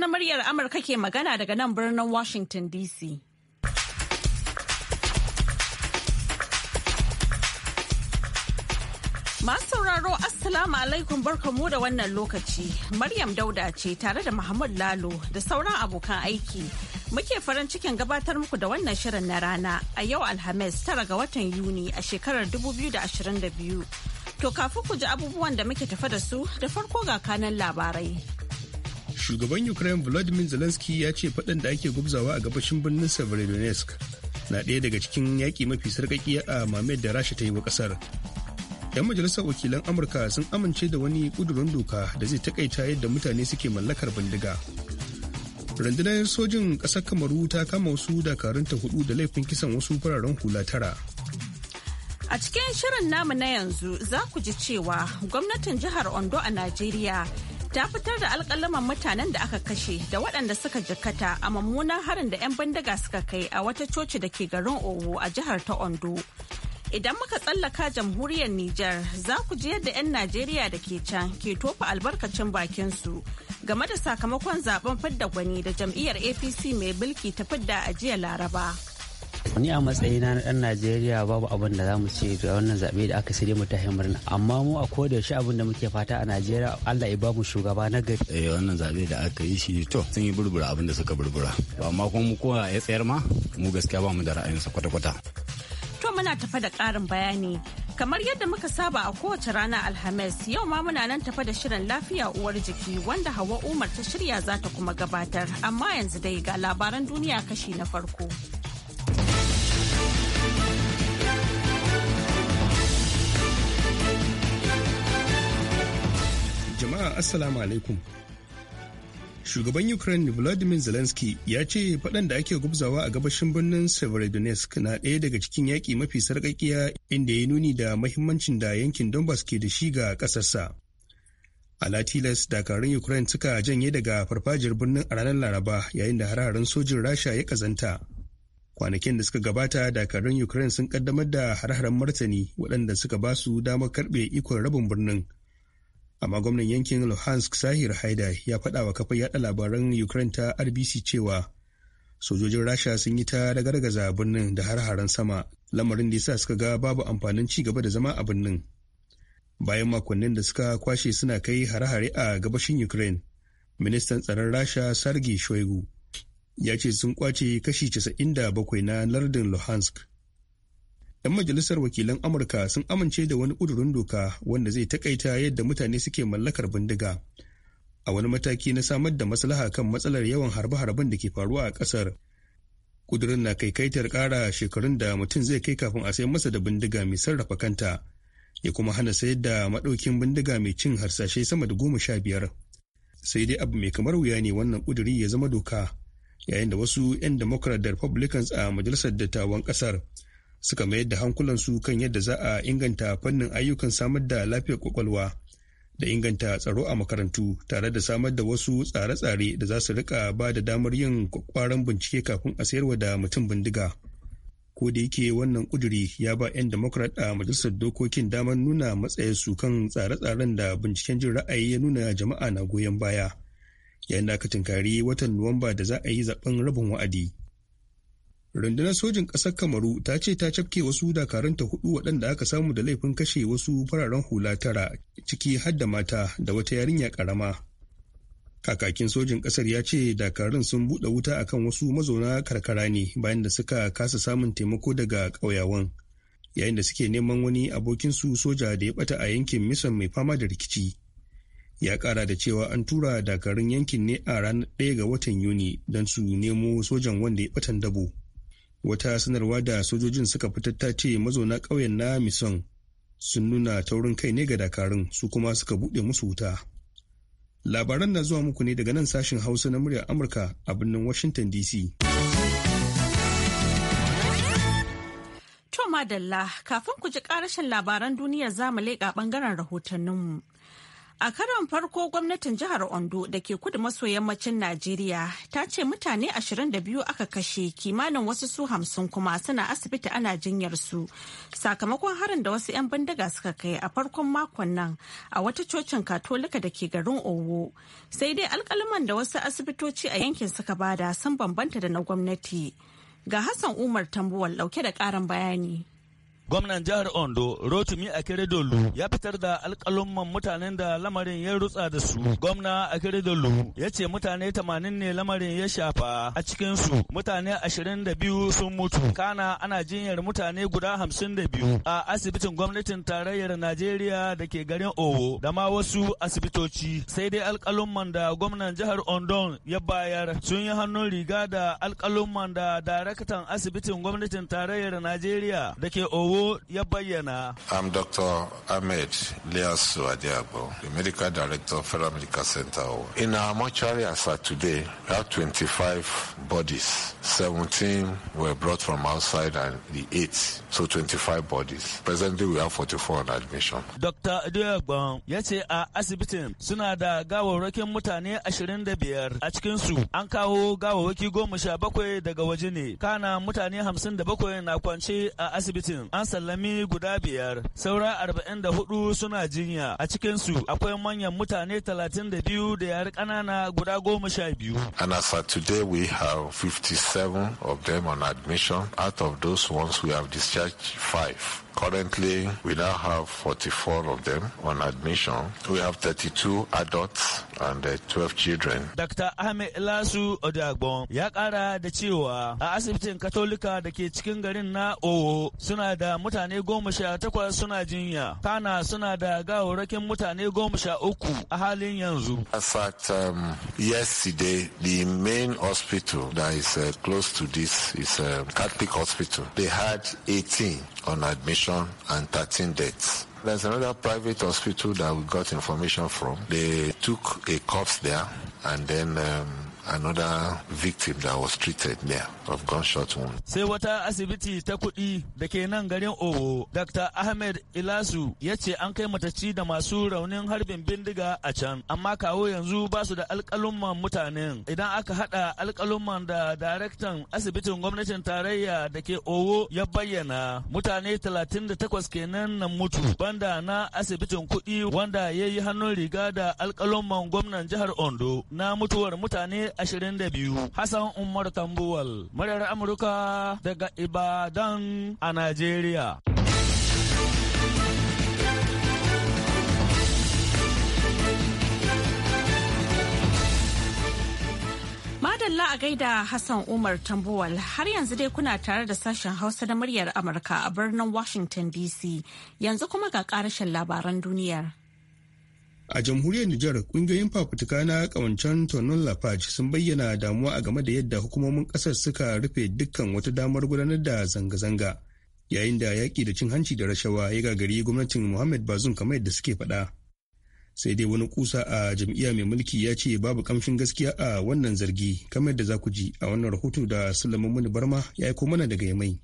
Hausa na muryar Amurka ke magana daga nan birnin Washington DC. Masu sauraro Assalamu alaikum barkamu da wannan lokaci. Maryam Dauda ce tare da Muhammad Lalo da sauran abokan aiki. Muke farin cikin gabatar muku da wannan shirin na rana a yau Alhamis tara ga watan Yuni a shekarar 2022. To kafin ku ji abubuwan da muke tafa da su da farko ga kanan labarai. shugaban ukraine volodymyr zelensky ya ce faɗan da ake gwabzawa a gabashin birnin severodonetsk na ɗaya daga cikin yaƙi mafi sarƙaƙi a mamayar da rasha ta yi wa ƙasar yan majalisar wakilan amurka sun amince da wani ƙudurin doka da zai taƙaita yadda mutane suke mallakar bindiga rundunar sojin ƙasar kamaru ta kama wasu dakarunta hudu da laifin kisan wasu fararen hula tara A cikin shirin namu na yanzu za ku ji cewa gwamnatin jihar Ondo a Najeriya ta fitar da alkalaman mutanen da aka kashe da waɗanda suka jikkata a mummunan harin da 'yan bindiga suka kai a wata coci da ke garin owo a jihar ta ondo idan muka tsallaka jamhuriyar niger za ku ji yadda 'yan najeriya da ke can ke tofa albarkacin bakinsu game da sakamakon zaben fidda gwani da jam'iyyar apc mai bilki ta fidda a jiya laraba ni a matsayina na dan najeriya babu abin da za mu ce da wannan zaɓe da aka sai mu ta murna amma mu a koda shi abin da muke fata a najeriya allah ya bamu shugaba na gari eh wannan zaɓe da aka yi shi to sun yi burbura abin da suka burbura amma kuma mu kowa ya tsayar ma mu gaskiya ba mu da ra'ayinsa kwata-kwata to muna tafa da ƙarin bayani kamar yadda muka saba a kowace rana alhamis yau ma muna nan tafe da shirin lafiya uwar jiki wanda hawa umar ta shirya za ta kuma gabatar amma yanzu dai ga labaran duniya kashi na farko jama'a assalamu alaikum shugaban ukraine vladimir zelensky ya ce faɗan da ake gubzawa a gabashin birnin severodonetsk na ɗaya daga cikin yaƙi mafi sarƙaƙiya inda ya nuni da mahimmancin da yankin donbass ke da shi ga ƙasarsa alatilas dakarun ukraine suka janye daga farfajiyar birnin a ranar laraba yayin da hararen sojin rasha ya kazanta. kwanakin da suka gabata dakarun ukraine sun kaddamar da hararen martani waɗanda suka ba su damar karɓe ikon rabin birnin amma gwamnan yankin luhansk sahir haida ya faɗa wa kafar yada labaran ukraine ta rbc cewa sojojin rasha sun yi ta ragargaza birnin da har-haren sama lamarin da yasa suka ga babu amfanin ci gaba da zama a birnin bayan makonnin da suka kwashe suna kai hare-hare a gabashin ukraine ministan tsaron rasha sergei shoigu ya ce sun kwace kashi 97 na lardin luhansk 'yan majalisar wakilan amurka sun amince da wani ƙudurin doka wanda zai takaita yadda mutane suke mallakar bindiga a wani mataki na samar da maslaha kan matsalar yawan harbe-harben da ke faruwa a ƙasar ƙudurin na kai kaikaitar ƙara shekarun da mutum zai kai kafin a sayar masa da bindiga mai sarrafa kanta ya kuma hana sayar da maɗaukin bindiga mai cin harsashe sama da goma sha biyar sai dai abu mai kamar wuya ne wannan ƙuduri ya zama doka yayin da wasu 'yan democrat da republicans a majalisar dattawan ƙasar suka mayar da hankulansu kan yadda za a inganta fannin ayyukan samar da lafiyar kwakwalwa da inganta tsaro a makarantu tare da samar da wasu tsare-tsare da za su rika ba da damar yin kwakwaran bincike kafin a sayarwa da mutum bindiga. Ko da yake wannan kuduri ya ba 'yan Democrat a majalisar dokokin damar nuna matsayin su kan tsare-tsaren da binciken jin ra'ayi ya nuna jama'a na goyon baya. Yayin da aka tunkari watan Nuwamba da za a yi zaben rabin wa'adi. rundunar sojin ƙasar kamaru ta ce ta cafke wasu dakarunta hudu waɗanda aka samu da laifin kashe wasu fararen hula tara ciki har da mata da wata yarinya ƙarama kakakin sojin ƙasar ya ce dakarun sun buɗe wuta akan wasu mazauna karkara ne bayan da suka kasa samun taimako daga ƙauyawan yayin da suke neman wani abokinsu soja da ya bata a yankin misan mai fama da rikici ya kara da cewa an tura dakarun yankin ne a ranar 1 ga watan yuni don su nemo sojan wanda ya batan dabo wata sanarwa da sojojin suka fitar ta ce mazauna ƙauyen na mison sun nuna taurin kai ne ga dakarun su kuma suka buɗe musu wuta labaran na zuwa muku ne daga nan sashen hausa na muryar amurka a birnin washington dc to madalla kafin ku ji karashin labaran duniya za mu leƙa ɓangaren rahotanninmu A karon farko gwamnatin jihar Ondo da ke kudu maso yammacin Najeriya ta ce mutane 22 aka kashe kimanin wasu su hamsin kuma suna asibiti ana jinyar su sakamakon harin da wasu 'yan bindiga suka kai a farkon makon nan a wata cocin katolika da ke garin Owo. Sai dai alkalaman da wasu asibitoci a yankin suka bada sun bambanta da na gwamnati. Ga Hassan Umar Tambuwal dauke da karin bayani. Gwamnan jihar Ondo Rotimi Akeredolu ya fitar da alkalumman mutanen da lamarin ya rutsa da su. Gwamna Akeredolu ya ce mutane 80 ne lamarin ya shafa a cikin su mutane 22 sun mutu. Kana ana jinyar mutane guda 52 a asibitin gwamnatin tarayyar Najeriya da ke garin Owo da ma wasu asibitoci. Sai dai alkalumman da gwamnan jihar Ondo ya bayar sun yi hannun riga da alkalumman da daraktan asibitin gwamnatin tarayyar Najeriya da ke Owo ya bayyana. I'm Dr. Ahmed Liasu Adiagbo, the Medical Director of Federal Medical Center. In our mortuary as of today, we have 25 bodies. 17 were brought from outside and the 8, so 25 bodies. Presently, we have 44 on admission. Dr. Adiagbo ya a uh, asibitin suna da gawarwakin mutane 25 a an kawo daga waje ne. Kana mutane 57 na kwance a asibitin. An sallami guda biyar saura arba'in da hudu suna jinya a cikinsu akwai manyan mutane talatin da biyu da yare ƙanana guda goma sha biyu. And as of today we have 57 of them on admission out of those ones we have discharged five. Currently, we now have 44 of them on admission. We have 32 adults and 12 uh, children. Dr. Ahmed Lasu Odagbon ya kara da cewa a asibitin Katolika da ke cikin garin na Owo suna da mutane goma sha takwas suna jinya. Kana suna da gawarakin mutane goma sha uku a halin yanzu. As at um, yesterday, the main hospital that is uh, close to this is a uh, Catholic hospital. They had 18 on admission and 13 deaths. There's another private hospital that we got information from. They took a corpse there and then um, another victim that was treated there of gunshot wound. Sai wata asibiti ta kuɗi da ke nan garin Owo, Dr. Ahmed Ilasu ya ce an kai matacci da masu raunin harbin bindiga a can, amma kawo yanzu ba su da alƙalumman mutanen. Idan aka haɗa alƙalumman da daraktan asibitin gwamnatin tarayya da ke Owo ya bayyana mutane 38 kenan na mutu banda na asibitin kuɗi wanda ya yi hannun riga da alƙalumman gwamnan jihar Ondo na mutuwar mutane 2022 Hassan Umar Tambuwal muryar Amurka daga Ibadan a Najeriya. Madalla a gaida Hassan Umar Tambuwal har yanzu dai kuna tare da sashen Hausa da muryar Amurka a birnin Washington DC yanzu kuma ga karashin labaran duniyar. a jamhuriyar Nijar kungiyoyin fafutuka na kawancen Tonon Lafaj sun bayyana damuwa a game da yadda hukumomin kasar suka rufe dukkan wata damar gudanar da zanga-zanga yayin da yaƙi da cin hanci da rashawa ya gagari gwamnatin Muhammad bazun kamar yadda suke faɗa. Sai dai wani kusa a jam'iyya mai mulki ya ce babu kamshin gaskiya a wannan zargi kamar yadda za ku ji a wannan rahoto da Sulaiman Muni Barma ya aiko mana daga Yamai.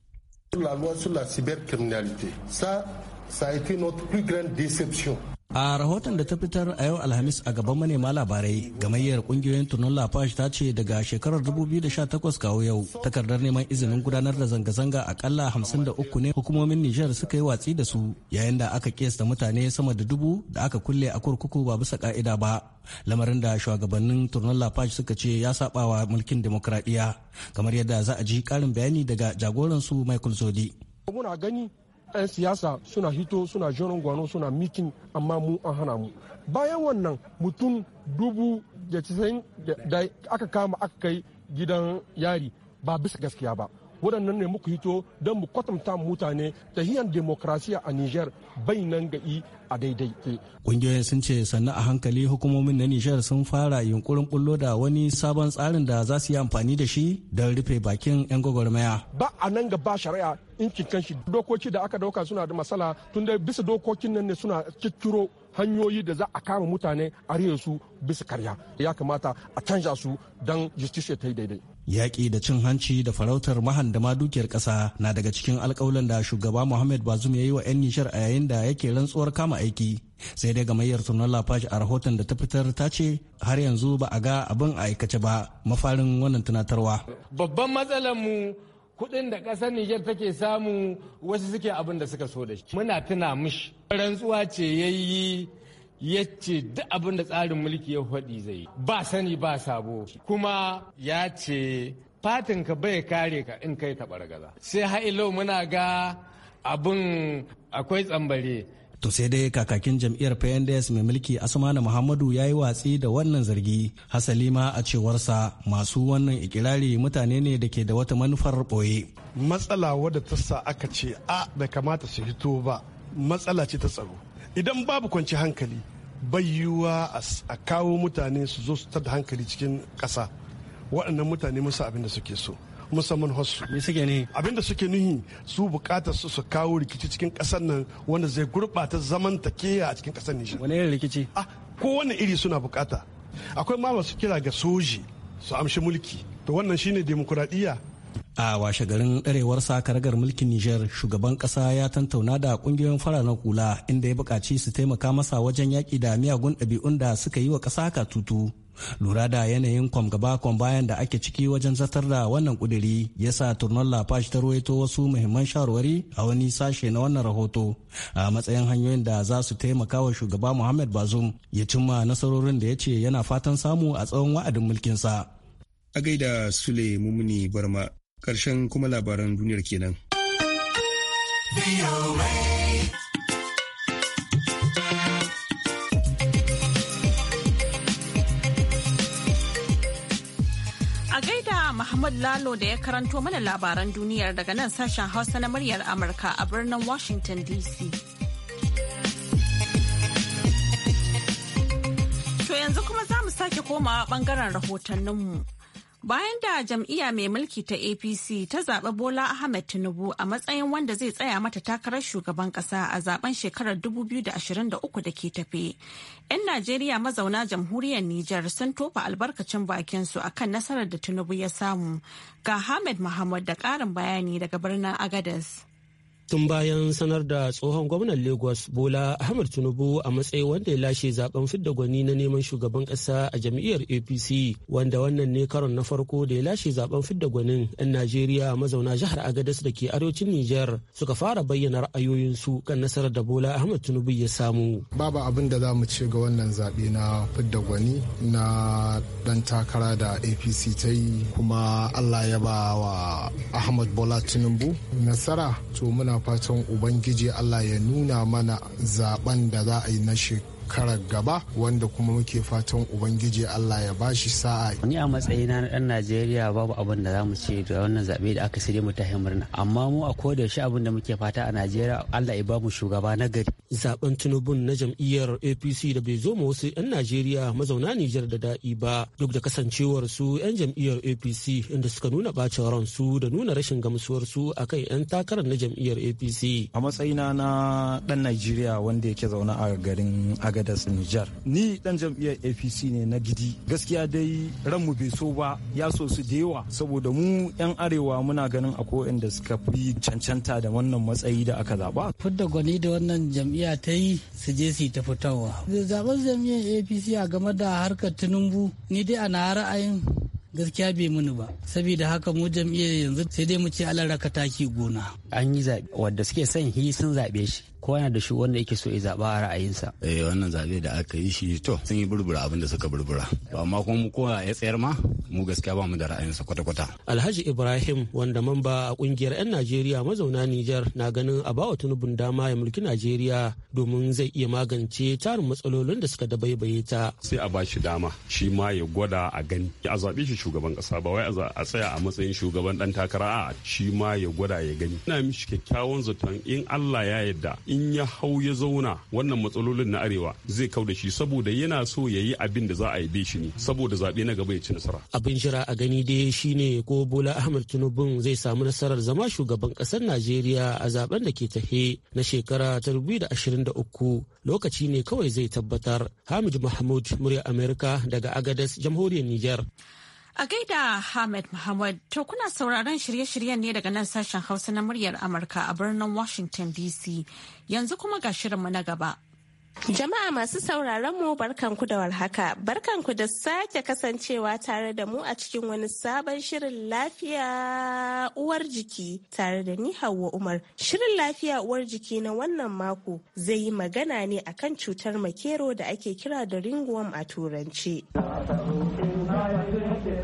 La loi sur la cybercriminalité. Ça, ça a été notre plus grande déception. A rahoton da ta fitar a yau Alhamis a gaban manema labarai, gamayyar kungiyoyin tunon Lafash ta ce daga shekarar 2018 kawo yau takardar neman izinin gudanar da zanga-zanga akalla 53 ne hukumomin Nijar suka yi watsi da su yayin da aka kesta mutane sama da dubu da aka kulle a kurkuku ba bisa ka'ida ba. Lamarin da shugabannin tunon Lafash suka ce ya sabawa mulkin demokradiyya kamar yadda za a ji karin bayani daga jagoransu Michael Zodi. Muna 'yan siyasa suna hito suna jonon gwano suna mitin amma mu an hana mu bayan wannan mutum dubu da aka kama aka kai gidan yari ba bisa gaskiya ba waɗannan ne muka hito don mu kwatanta mutane ta hiyar demokrasiya a Nijar bai nan ga'i a daidai. ƙungiyoyin sun ce sannan a hankali hukumomin na Nijar sun fara yunkurin bullo da wani sabon tsarin da za su yi amfani da shi don rufe bakin 'yan gwagwarmaya. Ba a nan gaba shari'a in cikin dokoki da aka dauka suna da matsala tun da bisa dokokin nan ne suna cicciro hanyoyi da za a kama mutane a su bisa karya ya kamata a canza su don justice ta yi daidai. yaƙi da cin hanci da farautar mahandama dukiyar ƙasa na daga cikin alƙawalan da shugaba Muhammad Bazum ya yi wa 'yan Nishar a yayin da yake rantsuwar kama aiki. Sai dai gamayyar Turnar Lafash a rahoton da ta fitar ta ce har yanzu ba a ga abin a aikace ba mafarin wannan tunatarwa. Babban matsalar mu kuɗin da ƙasar Nijar take samu wasu suke abin da suka so da shi. Muna tuna mishi. Rantsuwa ce ya yi ya ce duk abin da tsarin mulki ya faɗi zai ba sani ba sabo kuma ya ce fatin ka bai kare ka in kai taɓar gaza sai ha'ilo muna ga abin akwai tsambare To sai dai kakakin jam'iyyar PNDS mai mulki Asmanu Muhammadu ya yi watsi da wannan zargi. Hasali ma a cewarsa masu wannan ikirari mutane ne da ke da wata manufar ɓoye. Matsala wadda ta sa aka ce a bai kamata su hito ba matsala ce ta tsaro. idan babu kwanci hankali bai yiwuwa a kawo mutane su zo su tada hankali cikin ƙasa waɗannan mutane musa abin da suke so musamman hosu suke abin da suke nuhi su bukatar su su kawo rikici cikin ƙasar nan wanda zai gurɓata zaman ta a cikin ƙasar nishin wani irin rikici ah ko wani iri suna bukata akwai ma masu kira ga soji su amshi mulki to wannan shine demokuraɗiyya a washe garin ɗarewar ragar mulkin Niger, shugaban ƙasa ya tantauna da ƙungiyoyin fararen kula, inda ya bukaci su taimaka masa wajen yaki da miyagun ɗabi'un da suka yi wa ƙasa ka tutu. Lura da yanayin kwam gaba kwam bayan da ake ciki wajen zartar da wannan ƙudiri, ya sa turnon lafash ta ruwaito wasu muhimman shawarwari a wani sashe na wannan rahoto a matsayin hanyoyin da za su taimaka wa shugaba Muhammad Bazoum ya cimma nasarorin da ya ce yana fatan samu a tsawon wa'adin mulkinsa. A gaida Sule Mumuni Barma, karshen kuma labaran duniyar kenan. A gaida Muhammad Lalo da ya karanto mana labaran duniyar daga nan sashen Hausa na muryar Amurka a birnin Washington DC. To yanzu kuma za mu sake komawa bangaren rahotanninmu. Bayan da jam'iyya mai mulki ta APC ta zaɓi Bola Ahmed Tinubu a matsayin wanda zai tsaya mata takarar shugaban ƙasa a zaben shekarar 2023 da ke tafe. 'Yan Najeriya mazauna jamhuriyar Nijar sun tofa albarkacin bakinsu a kan nasarar da Tinubu ya samu. Ga Ahmed Muhammad da ƙarin bayani daga birnin Agadez. tun bayan sanar da tsohon gwamnan lagos bola ahmad tinubu a matsayin wanda ya lashe zaben fidda gwani na neman shugaban kasa a jam'iyyar apc wanda wannan ne karon na farko da ya lashe zaben fidda gwanin 'yan najeriya mazauna jihar agadas da ke arewacin niger suka fara bayyana ra'ayoyinsu kan nasarar da bola ahmad tinubu ya samu babu abin da za mu ce ga wannan zaɓe na fidda gwani na dan takara da apc ta yi kuma allah ya ba wa ahmad bola tinubu nasara to muna fatan ubangiji allah ya nuna mana zaben da za a yi na shekaru karar gaba wanda kuma muke fatan ubangiji allah ya bashi sa'a ni a matsayina na dan najeriya babu abin da zamu ce da wannan zaɓe da aka sire mu ta murna amma mu a koda shi abin da muke fata a najeriya allah ya ba mu shugaba na gari zaben tinubu na jam'iyyar apc da bai zo ma wasu yan najeriya mazauna nijar da daɗi ba duk da kasancewar su yan jam'iyyar apc inda suka nuna bacin ransu da nuna rashin gamsuwar su akan yan takarar na jam'iyyar apc a matsayina na dan najeriya wanda yake zaune a garin agadas nijar ni dan jam'iyyar apc ne na gidi gaskiya dai ran mu bai so ba ya so su da yawa saboda mu yan arewa muna ganin akwai wanda suka fi cancanta da wannan matsayi da aka zaba fudda gwani da wannan jam'iyya ta yi su je su yi ta fitowa zaben jam'iyyar apc a game da harkar tinubu ni dai ana ra'ayin gaskiya bai mini ba saboda haka mu jam'iyyar yanzu sai dai mu ce alaraka taki gona an yi zaɓe wanda suke son hi sun zaɓe shi kowa yana da shi wanda yake so ya zaba a ra'ayinsa eh wannan zabe da aka yi shi to sun yi burbura abin da suka burbura amma kuma mu kowa ya tsayar ma mu gaskiya ba mu da ra'ayinsa kwata-kwata Alhaji Ibrahim wanda mamba a kungiyar 'yan Najeriya mazauna Nijar na ganin a bawa tunubun dama ya mulki Najeriya domin zai iya magance tarin matsalolin da suka dabaibaye ta sai a bashi dama shi ma ya gwada a gani a zabe shi shugaban kasa ba wai a tsaya a matsayin shugaban dan takara a shi ma ya gwada ya gani ina mishi kyakkyawan zaton in Allah ya yarda in ya hau ya zauna wannan matsalolin na arewa zai kau da shi saboda yana so ya yi abin da za a yi shi ne saboda zaɓe na gaba ya ci nasara. Abin jira a gani dai shine ko Bola Ahmed Tinubu zai samu nasarar zama shugaban ƙasar Najeriya a zaben da ke tahe na shekara ta 2023 lokaci ne kawai zai tabbatar. Hamid Mahmud murya Amerika daga agadas jamhuriyar Nijar. A gaida Hamid Muhammad to kuna sauraron shirye-shiryen ne daga nan sashen Hausa na muryar Amurka a birnin Washington DC. Yanzu kuma ga shirinmu na gaba. Jama'a masu sauraron mu barkanku da warhaka. ku da sake kasancewa tare da mu a cikin wani sabon shirin lafiya uwar jiki tare da ni Hauwa Umar. Shirin lafiya uwar jiki na wannan mako zai yi magana ne akan cutar makero da ake kira da ringworm a turanci. gonna by it city,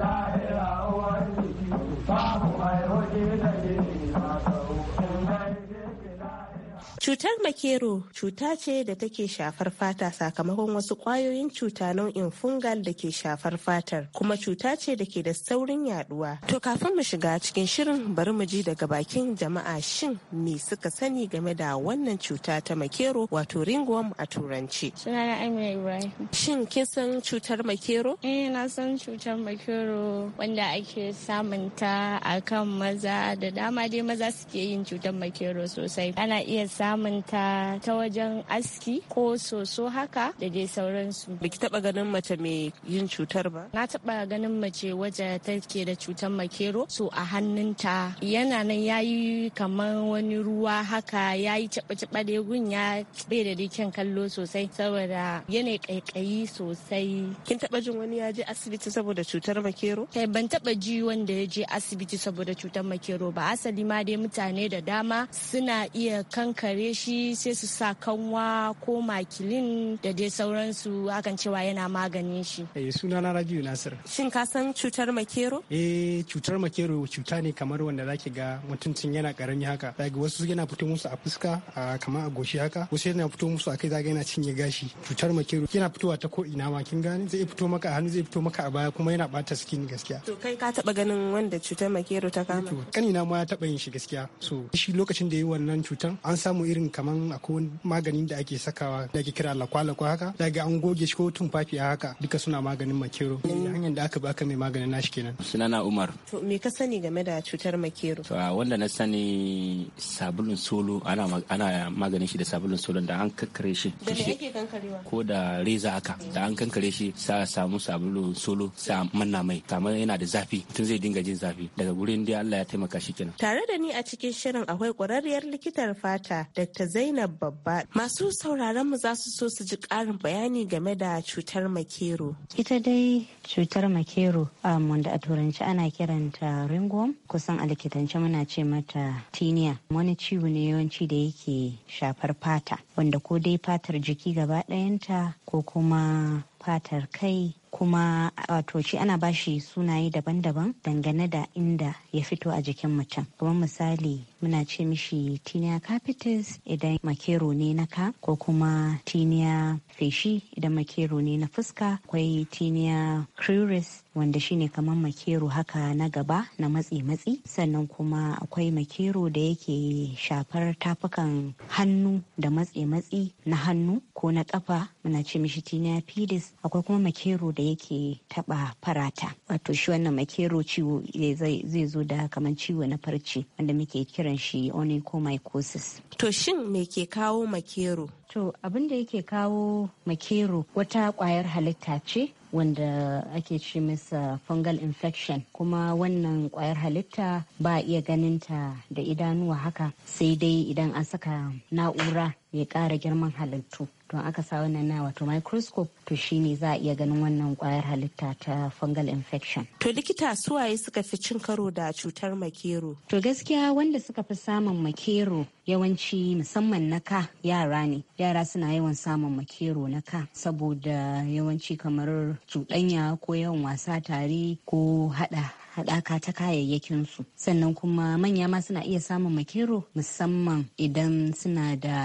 Cutar makero cuta ce da take shafar fata sakamakon wasu kwayoyin cuta nau'in fungal da ke shafar fatar kuma cuta ce da ke da saurin yaduwa. To kafin mu shiga cikin shirin bari mu ji daga bakin jama'a shin me suka sani game da wannan cuta ta makero wato ringworm a turanci. Sunana Amina Ibrahim. Shin kin san cutar makero? Eh na san cutar makero wanda ake samun ta akan maza da dama dai maza suke yin cutar makero sosai. Ana iya samun manta ta wajen aski ko soso haka da dai sauransu. Biki taba ganin mace mai yin cutar ba? Na taba ganin mace waje ta ke da cutar makero so a hannunta yana nan yayi kamar wani ruwa haka yayi taba-taba da gun ya bai da dikin kallo sosai saboda yana kaikayi sosai. Kin taba jin wani ya je asibiti saboda cutar makero? Kai eh, ban taba ji wanda ya je asibiti saboda cutar makero ba asali ma dai mutane da dama suna iya kankare gauraya shi sai su sa kanwa ko makilin da dai sauransu akan cewa yana maganin shi. Eh suna na Rabiu Nasir. Shin ka san cutar makero? Eh cutar makero cuta ne kamar wanda zaki ga mutuncin yana karami haka. Zaki wasu yana fito musu a fuska kamar a goshi haka. Wasu yana fito musu a kai zaki yana cinye gashi. Cutar makero yana fitowa ta ko ina ma kin gane zai fito maka a hannu zai fito maka a baya kuma yana bata skin gaskiya. To kai ka taba ganin wanda cutar makero ta kama? Kanina eh, ma ya taba yin shi gaskiya. So shi lokacin da yi wannan cutar an samu irin kaman akwai maganin da ake sakawa da ake kira Lakwala ko haka daga an goge shi ko tumfafi haka duka suna maganin makero hanyar da aka baka mai maganin nashi kenan sunana umar to me ka sani game da cutar makero to wanda na sani sabulun solo ana ana maganin shi da sabulun solo da an kankare shi da ake kankarewa ko da reza haka da an kankare shi sa samu sabulun solo sa manna mai kamar yana da zafi tun zai dinga jin zafi daga gurin dai Allah ya taimaka shi kenan tare da ni a cikin shirin akwai kwararriyar likitar fata da Dr. Zainab Babba. Masu sauraron mu za su so su ji ƙarin bayani game da cutar makero. Ita dai cutar makero um, wanda a turanci ana kiranta ringworm kusan a likitance muna ce mata tiniya wani ciwo ne yawanci da yake shafar fata wanda ko dai fatar jiki gaba ɗayanta ko kuma fatar kai kuma wato shi ana bashi sunaye daban-daban dangane da inda ya fito a jikin mutum kuma misali muna ce mishi tinia capitis idan makero ne na ka ko kuma tinia feshi idan makero ne na fuska akwai tinia cruris wanda shine kamar makero haka na gaba na matsi-matsi sannan kuma akwai makero da yake shafar tafukan hannu da matsi-matsi na hannu ko na kafa muna ce mishi tinia pidis akwai kuma makero da da yake taba farata wato shi wannan makero ciwo zai zo da kamar ciwo na farce wanda muke kiran shi onychomycosis to shin me ke kawo makero to abin da yake kawo makero wata kwayar halitta ce wanda ake ce masa fungal infection kuma wannan kwayar halitta ba iya ganinta da idanuwa haka sai dai idan an saka na'ura ya ƙara girman halittu to aka sa wannan na wato microscope to shine za a iya ganin wannan kwayar halitta ta fungal infection to likita suwaye suka fi cin karo da cutar makero to gaskiya wanda suka fi samun makero yawanci musamman na ka yara ne yara suna yawan samun makero na ka saboda yawanci kamar cuɗanya ko yawan wasa tare ko hada haɗaka ta kayayyakinsu sannan kuma manya ma suna iya samun makero musamman idan suna da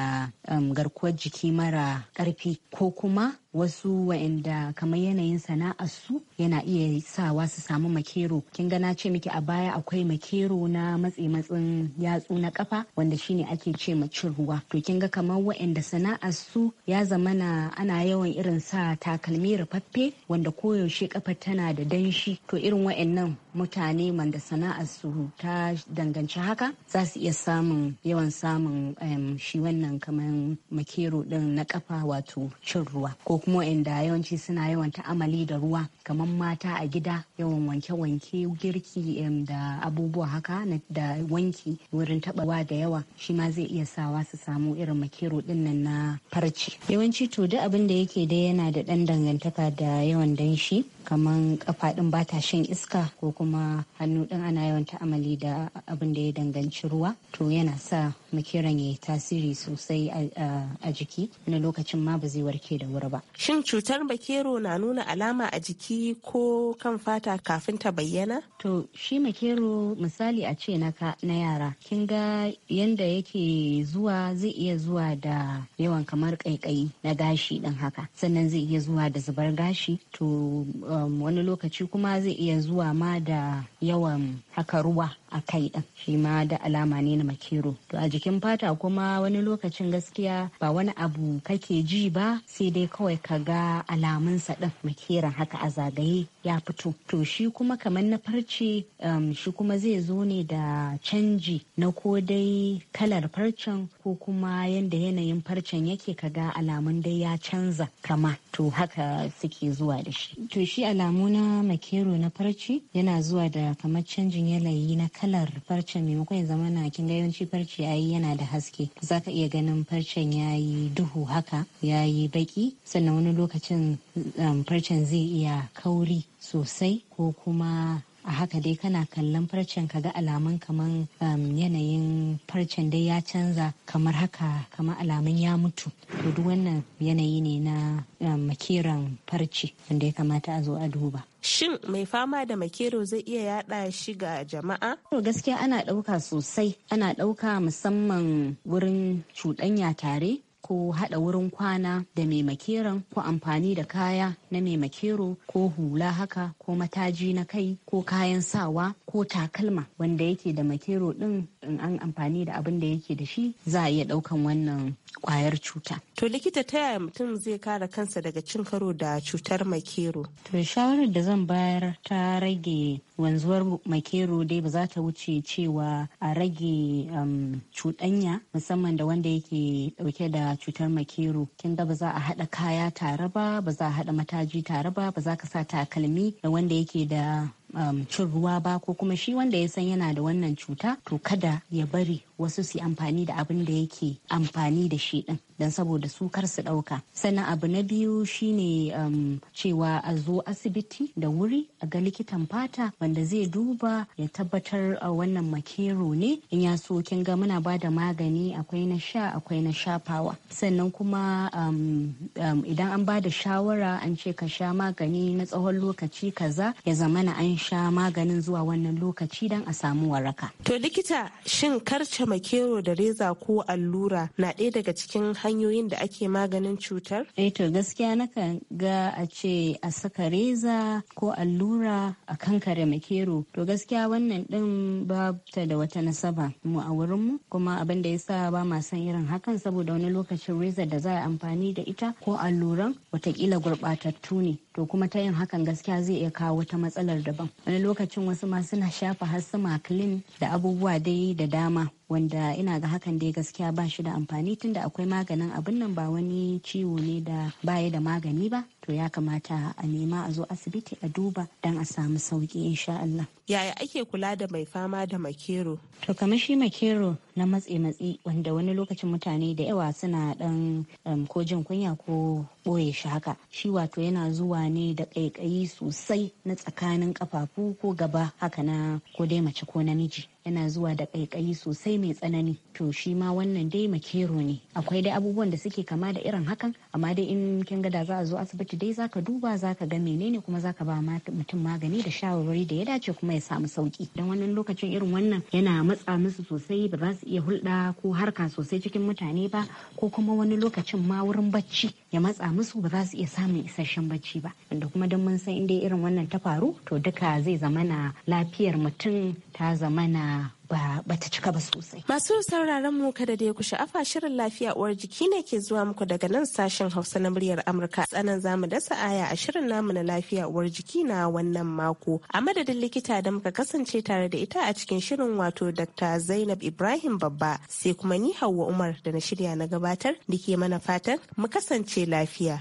um, garkuwar jiki mara ƙarfi ko kuma wasu wa'anda kamar yanayin sana'ar su yana iya sawa su samu makero kin ga na ce miki a baya akwai makero na matse matsin yatsu na kafa wanda shine ake ce ma cin ruwa to kin ga kamar wa'anda sana'ar su ya zamana ana yawan irin sa takalmi rufaffe wanda koyaushe kafa tana da danshi to irin wa'annan mutane wanda sana'ar su ta danganci haka za su iya samun yawan samun shi wannan kamar makero din na kafa wato cin ruwa ko kuma inda yawanci suna yawan ta'amali da ruwa kamar mata a gida yawan wanke-wanke girki da abubuwa haka da wanki wurin tabawa da yawa shi ma zai iya sawa su samu irin makero din nan na farci yawanci to duk abin da yake dai yana da dan dangantaka da yawan danshi kamar kafa din ba ta shan iska ko kuma hannu din ana yawan ta'amali da abin da ya danganci ruwa to yana sa makeran ya tasiri sosai a jiki na lokacin ma ba zai warke da wuri ba shin cutar makero na nuna alama a jiki ko kan fata kafin ta bayyana to shi makero misali a ce na yara kin ga yanda yake zuwa zai iya zuwa da yawan kamar kaikayi na gashi din haka sannan zai iya zuwa da zubar gashi to Um, wani lokaci kuma zai iya zuwa ma da yawan haka ruwa a kai ɗin shi ma da alama ne na makero to a jikin fata kuma wani lokacin gaskiya ba wani abu kake ji ba sai dai kawai ka ga alamunsa ɗin makeran haka a zagaye ya fito to shi kuma kamar na farce um, shi kuma zai zo ne da canji na ko dai kalar farcen ko kuma yadda yanayin farcen yake ka ga alamun dai ya canza kama to haka suke zuwa da shi to shi alamu na makero na farci yana zuwa da kamar canjin yanayi na kalar farcen maimakon ya zama na kin ga yawanci farce yayi yana da haske zaka iya ganin farcen yayi duhu haka yayi baki sannan wani lokacin um, farcen zai iya kauri sosai ko kuma a haka dai kana kallon farcen ka ga alamun kamar um, yanayin farcen dai ya canza kamar haka kamar alamun ya mutu to duk wannan yanayi ne na um, makiran farce wanda ya kamata a zo a duba Shin mai fama da makero zai iya yada shi ga jama'a? To gaskiya ana ɗauka sosai, ana ɗauka musamman wurin cuɗanya tare ko haɗa wurin kwana da mai makeran ko amfani da kaya na mai makero ko hula haka ko mataji na kai ko kayan sawa ko takalma wanda yake da makero din in an amfani da abin da yake da shi za a iya daukan wannan kwayar cuta. To likita ta yaya mutum zai kare kansa daga cin karo da cutar makero? To shawarar da zan bayar ta rage wanzuwar makero dai ba za ta wuce cewa a rage um, cuɗanya musamman da wanda yake dauke da cutar makero. Kin ga ba za a haɗa kaya tare ba, ba za a haɗa mataji tare ba, ba za ka sa takalmi da wanda yake da Um, cin ruwa ba ko kuma shi wanda ya san yana da wannan cuta to kada ya bari wasu su amfani da abin da yake amfani da shi din don saboda su kar su dauka sannan abu na biyu shine um, cewa a zo asibiti da wuri a ga likitan fata wanda zai duba ya tabbatar a uh, wannan makero ne in ya so kin ga muna ba da magani akwai na sha akwai na shafawa sannan kuma um, um idan an ba da shawara an ce ka sha magani na tsawon lokaci kaza ya zamana an sha maganin zuwa wannan lokaci don a samu waraka. To likita shin karce makero da reza ko allura na ɗaya daga cikin hanyoyin da ake maganin cutar? Eh to gaskiya nakan ga a ce a saka reza ko allura a kankare makero. To gaskiya wannan ɗin ba ta da wata nasaba mu a wurinmu kuma abin da ya sa ba ma san irin hakan saboda wani lokacin reza da za a amfani da ita ko alluran watakila gurɓatattu ne. to kuma ta yin hakan gaskiya zai iya kawo wata matsalar daban wani lokacin wasu ma suna shafa har sama clean da abubuwa dai da dama wanda ina ga hakan dai gaskiya ba shi da amfani tunda akwai maganin abin nan ba wani ciwo ne da baya da magani ba to ya kamata a nema a zo asibiti a duba don a samu sauki insha Allah. Yaya ake kula da mai fama da makero? To kamar shi makero na matse matsi wanda wani lokacin mutane da yawa suna dan um, ko jin kunya ko boye shi haka shi wato yana zuwa ne da kaikayi sosai na tsakanin kafafu ko gaba haka na ko dai mace ko namiji yana zuwa da kaikayi sosai mai tsanani to shi ma wannan dai makero ne akwai dai abubuwan da suke kama da irin hakan amma dai in kin ga da za a zo asibiti dai zaka duba zaka ga menene kuma zaka ba mutum magani da shawarwari da ya dace kuma ya samu sauki dan wannan lokacin irin wannan yana matsa musu sosai ba za su iya hulɗa ko harka sosai cikin mutane ba ko kuma wani lokacin ma wurin bacci ya matsa musu ba za su iya samun isasshen bacci ba da kuma don mun san inda irin wannan ta faru to duka zai zamana lafiyar mutum ta zamana ba ta cika ba sosai. Masu sauraron mu kada da ya ku sha'afa shirin lafiya uwar jiki ne ke zuwa muku daga nan sashen Hausa na muryar Amurka. Tsanan zamu dasa aya a shirin namu na lafiya uwar jiki na wannan mako. A madadin likita da muka kasance tare da ita a cikin shirin wato Dr. Zainab Ibrahim Babba sai kuma ni Hauwa Umar da na shirya na gabatar da ke mana fatan mu kasance lafiya.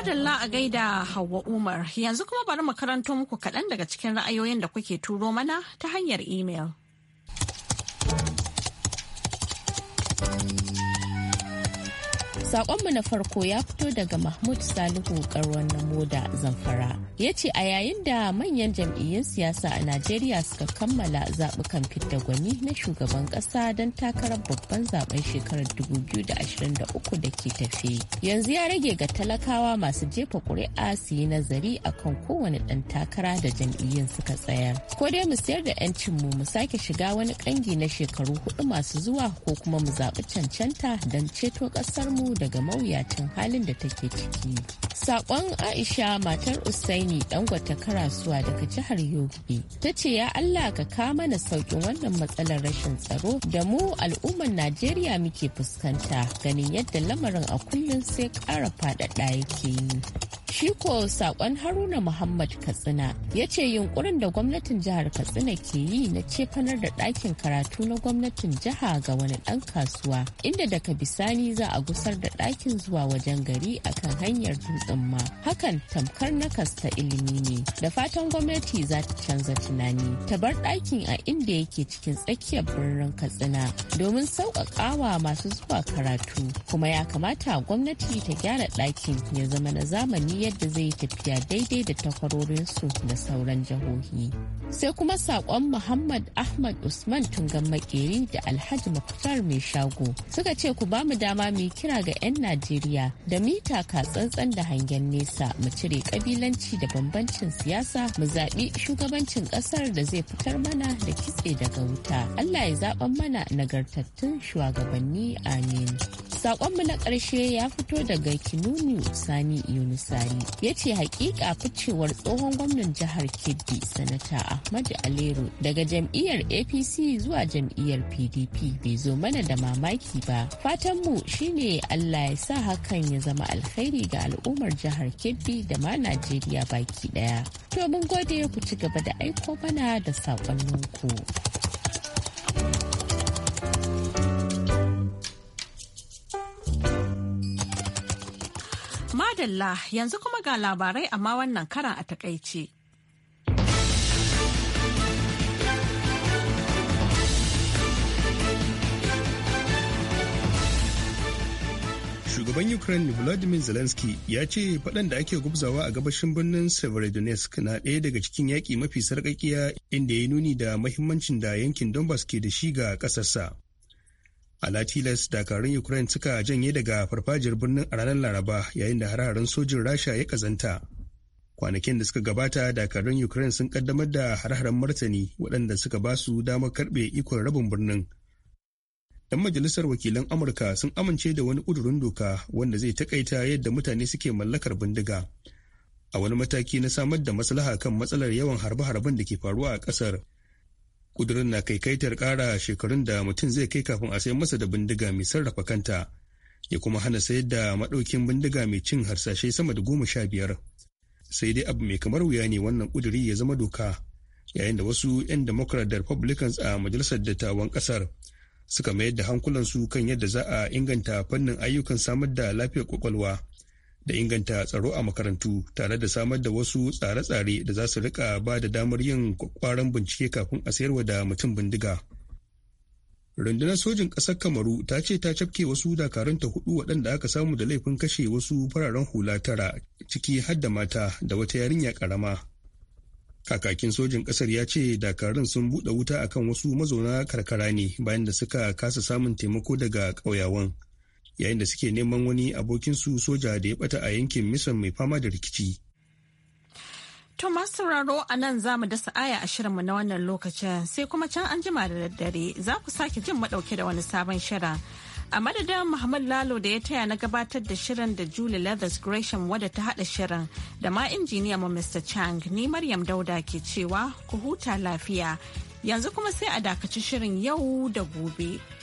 madalla a gaida Hauwa Umar yanzu kuma bari mu karanto muku kaɗan daga cikin ra'ayoyin da kuke turo mana ta hanyar imel. Sakonmu na farko ya fito daga Mahmud Salihu Karuwan na Moda Zamfara. Ya ce a yayin da manyan jam'iyyun siyasa a Najeriya suka kammala zaɓukan fidda gwani na shugaban ƙasa don takarar babban zaben shekarar 2023 da ke tafe. Yanzu ya rage ga talakawa masu jefa ƙuri'a su yi nazari akan kowane ɗan takara da jam'iyyun suka tsayar. Ko dai mu sayar da 'yancinmu mu sake shiga wani ƙangi na shekaru huɗu masu zuwa ko kuma mu zaɓi cancanta don ceto ƙasar mu. daga mawuyacin halin da take ciki. Sakon Aisha matar Usaini gwata karasuwa daga jihar Yobe ta ce ya Allah ka kama na saukin wannan matsalar rashin tsaro da mu al'ummar Najeriya muke fuskanta ganin yadda lamarin a kullum sai ƙara faɗaɗa yake yi. Shi ko sakon Haruna Muhammad Katsina ya ce yunkurin da gwamnatin jihar Katsina ke yi na cefanar da ɗakin karatu na gwamnatin jiha ga wani ɗan kasuwa inda daga bisani za a gusar da ɗakin zuwa wajen gari akan hanyar tsumma hakan tamkar nakas ta ilimi ne da fatan gwamnati za ta canza tunani ta bar ɗakin a inda yake cikin tsakiyar birnin katsina domin sauƙaƙawa masu zuwa karatu kuma ya kamata gwamnati ta gyara ɗakin ya zama na zamani yadda zai tafiya daidai da su da sauran jihohi sai kuma saƙon muhammad ahmad usman tungan makeri da alhaji mafitar mai shago suka ce ku ba mu dama mu kira ga 'yan najeriya da mita katsantsan da hanyar hangen nesa mu cire kabilanci da bambancin siyasa mu zaɓi shugabancin ƙasar da zai fitar mana da kitse daga wuta allah ya zaɓan mana nagartattun shugabanni amin Sakonmu na ƙarshe ya fito daga Kinunu Sani Yunusani ya ce hakika ficewar tsohon gwamnan jihar Kebbi Sanata Ahmadu Alero daga jam'iyyar APC zuwa jam'iyyar PDP bai zo mana da mamaki ba. Fatanmu shine Allah ya sa hakan ya zama alkhairi ga al'ummar jihar Kebbi da ma Najeriya baki daya. To mun gode ku ci gaba da aiko mana da saƙonninku. madalla yanzu kuma ga labarai amma wannan karan a takaice. Shugaban Ukraine Volodymyr Zelensky ya ce faɗan da ake gubzawa a gabashin birnin Severodonetsk na ɗaya daga cikin yaƙi mafi sarƙaƙiya inda ya nuni da mahimmancin da yankin Donbass ke da shi ga ƙasarsa. A tilas dakarun ukraine suka janye daga farfajiyar birnin a ranar laraba yayin da har sojin rasha ya kazanta kwanakin da suka gabata dakarun ukraine sun kaddamar da hare haren martani waɗanda suka ba su damar karɓe ikon rabin birnin yan majalisar wakilan amurka sun amince da wani ƙudurin doka wanda zai takaita yadda mutane suke mallakar bindiga a wani mataki na samar da maslaha kan matsalar yawan harbe-harben da ke faruwa a ƙasar kudurin na kai kaikaitar kara shekarun da mutum zai kai kafin a sayar masa da bindiga mai sarrafa kanta ya kuma hana sayar da maɗaukin bindiga mai cin harsashe sama da goma sha biyar sai dai abu mai kamar wuya ne wannan kuduri ya zama doka yayin da wasu 'yan democrat da republicans a majalisar dattawan kasar suka mayar da hankulansu kan yadda za a inganta fannin ayyukan samar da lafiyar kwakwalwa da inganta tsaro a makarantu tare da samar da wasu tsare-tsare da za su rika ba da damar yin kwakwaran bincike kafin a sayarwa da mutum bindiga. Rundunar sojin ƙasar Kamaru ta ce ta cafke wasu dakarunta hudu waɗanda aka samu da laifin kashe wasu fararen hula tara ciki har da mata da wata yarinya ƙarama. Kakakin sojin ƙasar ya ce dakarun sun buɗe wuta akan wasu mazauna karkara ne bayan da suka kasa samun taimako daga ƙauyawan. yayin da suke neman wani abokinsu soja da ya bata a yankin misan mai fama da rikici. To masu sauraro a nan za mu dasa aya a shirinmu na wannan lokacin sai kuma can an jima da daddare za ku sake jin madauke da wani sabon shirin. A madadin Muhammad Lalo da ya taya na gabatar da shirin da Julie Leathers Gresham wadda ta hada shirin da ma injiniya mu Mr. Chang ni Maryam Dauda ke cewa ku huta lafiya. Yanzu kuma sai a dakaci shirin yau da gobe.